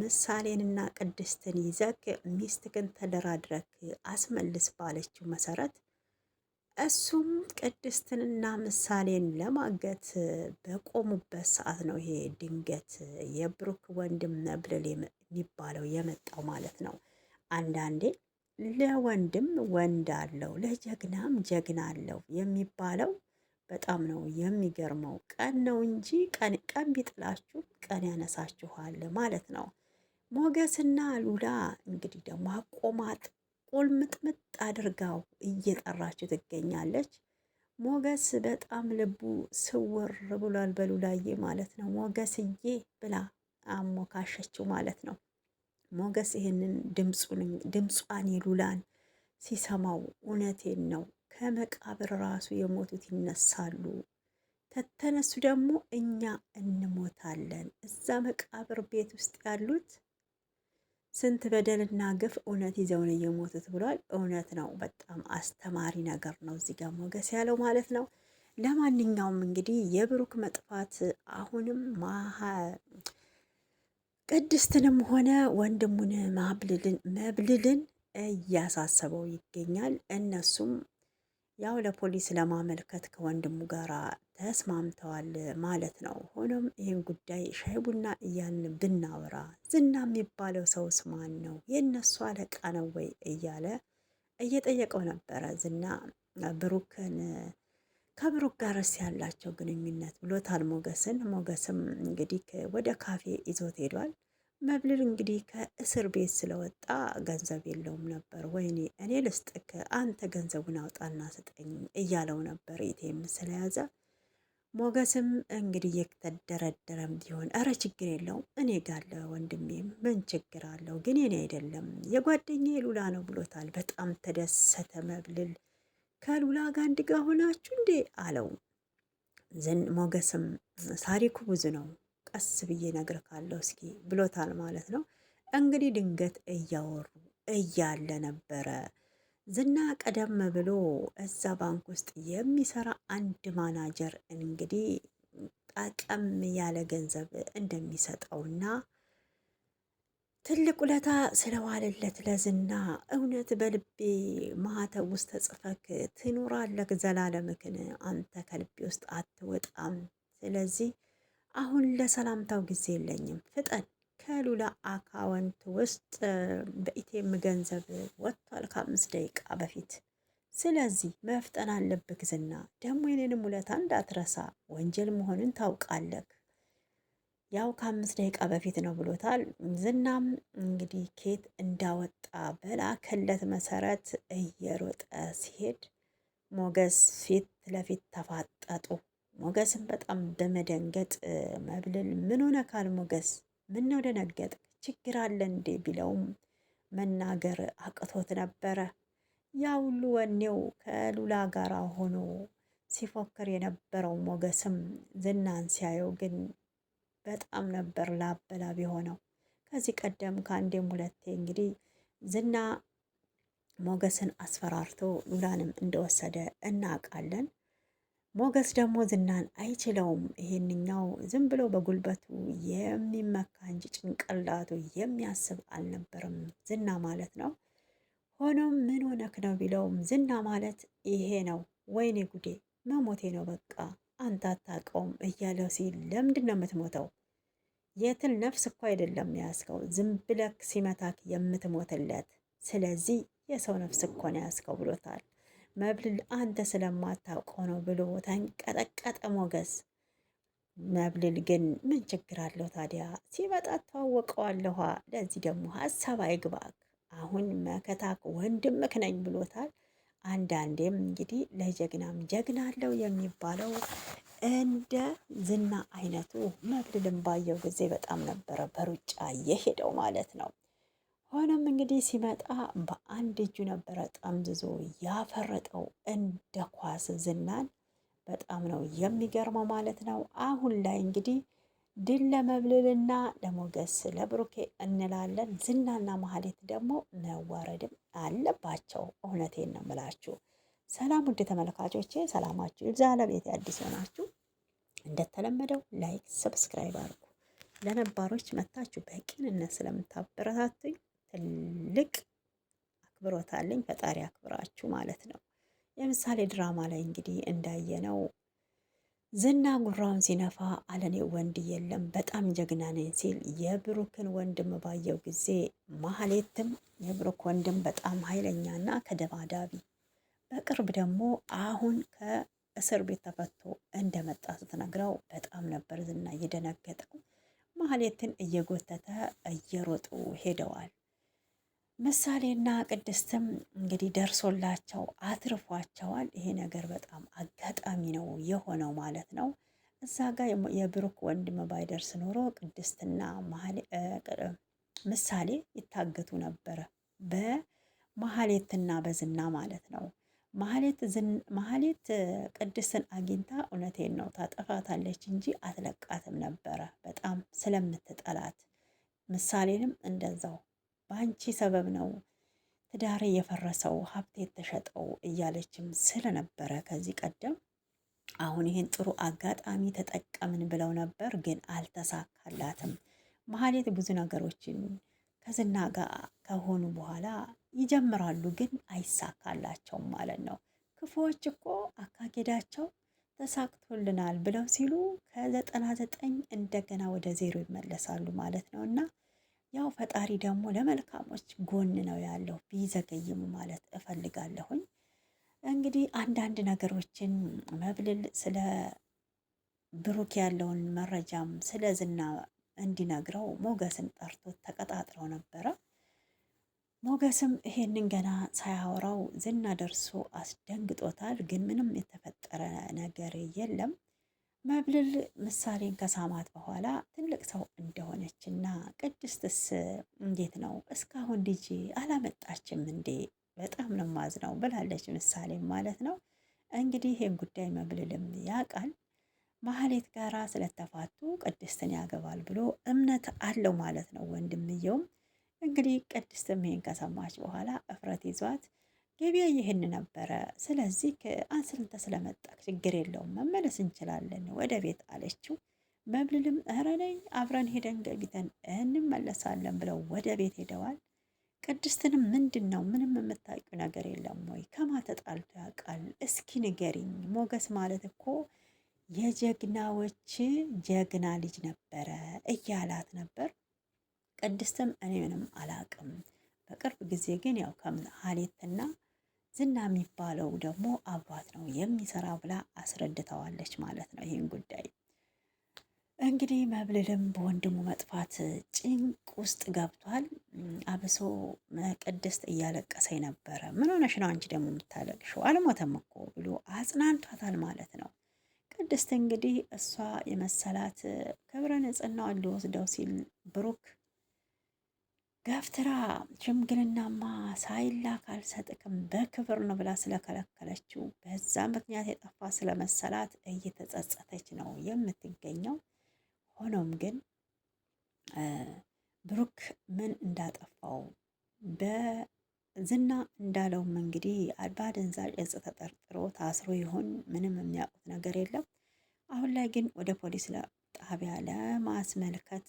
ምሳሌንና ቅድስትን ይዘክ ሚስትክን ተደራድረክ አስመልስ ባለችው መሰረት እሱም ቅድስትንና ምሳሌን ለማገት በቆሙበት ሰዓት ነው ይሄ ድንገት የብሩክ ወንድም ነብልል የሚባለው የመጣው ማለት ነው። አንዳንዴ ለወንድም ወንድ አለው ለጀግናም ጀግና አለው የሚባለው በጣም ነው የሚገርመው። ቀን ነው እንጂ ቀን ቢጥላችሁ ቀን ያነሳችኋል ማለት ነው። ሞገስና ሉላ እንግዲህ ደግሞ አቆማጥ ቁልምጥምጥ አድርጋው እየጠራችው ትገኛለች። ሞገስ በጣም ልቡ ስውር ብሏል በሉላዬ ማለት ነው። ሞገስዬ ብላ አሞካሸችው ማለት ነው። ሞገስ ይህንን ድምጿን የሉላን ሲሰማው እውነቴን ነው ከመቃብር ራሱ የሞቱት ይነሳሉ፣ ተተነሱ ደግሞ እኛ እንሞታለን። እዛ መቃብር ቤት ውስጥ ያሉት ስንት በደልና ግፍ እውነት ይዘውን እየሞቱት ብሏል። እውነት ነው። በጣም አስተማሪ ነገር ነው እዚህ ጋር ሞገስ ያለው ማለት ነው። ለማንኛውም እንግዲህ የብሩክ መጥፋት አሁንም ቅድስትንም ሆነ ወንድሙን ማብልልን መብልልን እያሳሰበው ይገኛል እነሱም ያው ለፖሊስ ለማመልከት ከወንድሙ ጋር ተስማምተዋል ማለት ነው። ሆኖም ይህን ጉዳይ ሻይ ቡና እያልን ብናወራ ዝና የሚባለው ሰውስ ማን ነው? የእነሱ አለቃ ነው ወይ እያለ እየጠየቀው ነበረ። ዝና ብሩክን ከብሩክ ጋርስ ያላቸው ግንኙነት ብሎታል ሞገስን። ሞገስም እንግዲህ ወደ ካፌ ይዞት ሄዷል። መብልል እንግዲህ ከእስር ቤት ስለወጣ ገንዘብ የለውም ነበር። ወይኔ እኔ ልስጥክ አንተ ገንዘቡን አውጣና ስጠኝ እያለው ነበር ኢቴም ስለያዘ። ሞገስም እንግዲህ የተደረደረም ቢሆን እረ ችግር የለውም እኔ ጋለ ወንድሜም ምን ችግር አለው ግን የኔ አይደለም የጓደኛ የሉላ ነው ብሎታል። በጣም ተደሰተ መብልል። ከሉላ ጋር አንድ ጋ ሆናችሁ እንዴ አለው። ሞገስም ታሪኩ ብዙ ነው ቀስ ብዬ ነግርካለሁ እስኪ ብሎታል ማለት ነው። እንግዲህ ድንገት እያወሩ እያለ ነበረ ዝና ቀደም ብሎ እዛ ባንክ ውስጥ የሚሰራ አንድ ማናጀር እንግዲህ ጠቀም ያለ ገንዘብ እንደሚሰጠውና ትልቅ ውለታ ስለዋለለት ለዝና እውነት በልቤ ማህተብ ውስጥ ተጽፈክ ትኖራለህ፣ ዘላለምክን አንተ ከልቤ ውስጥ አትወጣም። ስለዚህ አሁን ለሰላምታው ጊዜ የለኝም፣ ፍጠን። ከሉላ አካውንት ውስጥ በኢቴም ገንዘብ ወጥቷል ከአምስት ደቂቃ በፊት። ስለዚህ መፍጠን አለብህ ዝና። ደግሞ የኔንም ውለታ እንዳትረሳ፣ ወንጀል መሆንን ታውቃለህ። ያው ከአምስት ደቂቃ በፊት ነው ብሎታል። ዝናም እንግዲህ ኬት እንዳወጣ በላከለት መሰረት እየሮጠ ሲሄድ ሞገስ ፊት ለፊት ተፋጠጡ። ሞገስን በጣም በመደንገጥ መብልን ምን ሆነ ካል ሞገስ ምን ነው ደነገጥ ችግር አለ እንዴ ቢለውም መናገር አቅቶት ነበረ። ያ ሁሉ ወኔው ከሉላ ጋር ሆኖ ሲፎክር የነበረው ሞገስም ዝናን ሲያየው ግን በጣም ነበር ላበላብ የሆነው። ከዚህ ቀደም ከአንዴም ሁለቴ እንግዲህ ዝና ሞገስን አስፈራርቶ ሉላንም እንደወሰደ እናውቃለን። ሞገስ ደግሞ ዝናን አይችለውም። ይሄንኛው ዝም ብሎ በጉልበቱ የሚመካ እንጂ ጭንቅላቱ የሚያስብ አልነበርም ዝና ማለት ነው። ሆኖም ምን ሆነክ ነው ቢለውም ዝና ማለት ይሄ ነው፣ ወይኔ ጉዴ መሞቴ ነው በቃ አንተ አታውቀውም እያለው ሲል ለምንድን ነው የምትሞተው? የትል ነፍስ እኮ አይደለም ያስከው ዝም ብለክ ሲመታክ የምትሞትለት ስለዚህ የሰው ነፍስ እኮ ነው ያስከው ብሎታል። መብል አንተ ስለማታውቀው ነው ብሎ ተንቀጠቀጠ ሞገስ። መብልል ግን ምን ችግር አለው ታዲያ? ሲመጣ ተዋወቀዋለኋ። ለዚህ ደግሞ ሀሳብ አይግባክ። አሁን መከታክ ወንድምክ ነኝ ብሎታል። አንዳንዴም እንግዲህ ለጀግናም ጀግና አለው የሚባለው እንደ ዝና አይነቱ መብልልም ባየው ጊዜ በጣም ነበረ በሩጫ የሄደው ማለት ነው። ሆኖም እንግዲህ ሲመጣ በአንድ እጁ ነበረ ጠምዝዞ ያፈረጠው እንደ ኳስ ዝናን። በጣም ነው የሚገርመው ማለት ነው። አሁን ላይ እንግዲህ ድል ለመብልልና ለሞገስ ለብሩኬ እንላለን። ዝናና ማህሌት ደግሞ መዋረድም አለባቸው። እውነቴን ነው የምላችሁ። ሰላም ውድ ተመልካቾቼ፣ ሰላማችሁ ይብዛ። ለቤት አዲስ ሆናችሁ እንደተለመደው ላይክ፣ ሰብስክራይብ አድርጉ። ለነባሮች መታችሁ በቅንነት ስለምታበረታቱኝ ትልቅ አክብሮት አለኝ። ፈጣሪ አክብራችሁ ማለት ነው። የምሳሌ ድራማ ላይ እንግዲህ እንዳየነው ዝና ጉራውን ሲነፋ አለኔ ወንድ የለም በጣም ጀግና ነኝ ሲል የብሩክን ወንድም ባየው ጊዜ ማህሌትም የብሩክ ወንድም በጣም ኃይለኛና ከደባዳቢ በቅርብ ደግሞ አሁን ከእስር ቤት ተፈቶ እንደመጣ ስትነግረው በጣም ነበር ዝና እየደነገጠው። ማህሌትን እየጎተተ እየሮጡ ሄደዋል። ምሳሌና ቅድስትም እንግዲህ ደርሶላቸው አትርፏቸዋል። ይሄ ነገር በጣም አጋጣሚ ነው የሆነው ማለት ነው። እዛ ጋር የብሩክ ወንድም ባይደርስ ኖሮ ቅድስትና ምሳሌ ይታገቱ ነበረ፣ በማህሌትና በዝና ማለት ነው። መሀሌት ቅድስትን አግኝታ እውነቴን ነው ታጠፋታለች እንጂ አትለቃትም ነበረ፣ በጣም ስለምትጠላት ምሳሌንም እንደዛው በአንቺ ሰበብ ነው ትዳሬ የፈረሰው ሀብት የተሸጠው እያለችም ስለነበረ ከዚህ ቀደም አሁን ይህን ጥሩ አጋጣሚ ተጠቀምን ብለው ነበር፣ ግን አልተሳካላትም። መሀሌት ብዙ ነገሮችን ከዝና ጋር ከሆኑ በኋላ ይጀምራሉ፣ ግን አይሳካላቸውም ማለት ነው። ክፉዎች እኮ አካሄዳቸው ተሳክቶልናል ብለው ሲሉ ከዘጠና ዘጠኝ እንደገና ወደ ዜሮ ይመለሳሉ ማለት ነው እና ያው ፈጣሪ ደግሞ ለመልካሞች ጎን ነው ያለው ቢዘገይም ማለት እፈልጋለሁኝ። እንግዲህ አንዳንድ ነገሮችን መብልል ስለ ብሩክ ያለውን መረጃም ስለ ዝና እንዲነግረው ሞገስን ጠርቶ ተቀጣጥረው ነበረ። ሞገስም ይሄንን ገና ሳያወራው ዝና ደርሶ አስደንግጦታል። ግን ምንም የተፈጠረ ነገር የለም። መብልል ምሳሌን ከሳማት በኋላ ትልቅ ሰው እንደሆነችና ቅድስትስ እንዴት ነው እስካሁን ልጅ አላመጣችም እንዴ? በጣም ነው የማዝነው ብላለች። ምሳሌም ማለት ነው እንግዲህ ይህን ጉዳይ መብልልም ያውቃል። ማህሌት ጋራ ስለተፋቱ ቅድስትን ያገባል ብሎ እምነት አለው ማለት ነው። ወንድምየውም እንግዲህ ቅድስትም ይህን ከሰማች በኋላ እፍረት ይዟት ገበያ ይህን ነበረ። ስለዚህ አንስልተ ስለመጣ ችግር የለውም መመለስ እንችላለን ወደ ቤት አለችው። መብልልም እረ አብረን ሄደን ገብተን እንመለሳለን ብለው ወደ ቤት ሄደዋል። ቅድስትንም ምንድን ነው ምንም የምታውቂው ነገር የለም ወይ? ከማ ተጣልቶ ያውቃል? እስኪ ንገሪኝ። ሞገስ ማለት እኮ የጀግናዎች ጀግና ልጅ ነበረ እያላት ነበር። ቅድስትም እኔ ምንም አላውቅም፣ በቅርብ ጊዜ ግን ያው ከምናሀሌትና ዝና የሚባለው ደግሞ አባት ነው የሚሰራ ብላ አስረድተዋለች ማለት ነው ይህን ጉዳይ። እንግዲህ መብልልም በወንድሙ መጥፋት ጭንቅ ውስጥ ገብቷል። አብሶ ቅድስት እያለቀሰ ነበረ። ምን ሆነሽ ነው አንቺ ደግሞ የምታለቅሽው? አልሞተም እኮ ብሎ አጽናንቷታል ማለት ነው። ቅድስት እንግዲህ እሷ የመሰላት ክብረ ንጽህናዋን ሊወስደው ሲል ብሩክ ገፍትራ ሽምግልናማ ሳይላክ አልሰጥክም በክብር ነው ብላ ስለከለከለችው በዛ ምክንያት የጠፋ ስለመሰላት እየተጸጸተች ነው የምትገኘው። ሆኖም ግን ብሩክ ምን እንዳጠፋው በዝና እንዳለውም እንግዲህ በአደንዛዥ እጽ ተጠርጥሮ ታስሮ ይሆን ምንም የሚያውቁት ነገር የለም። አሁን ላይ ግን ወደ ፖሊስ ጣቢያ ለማስመልከት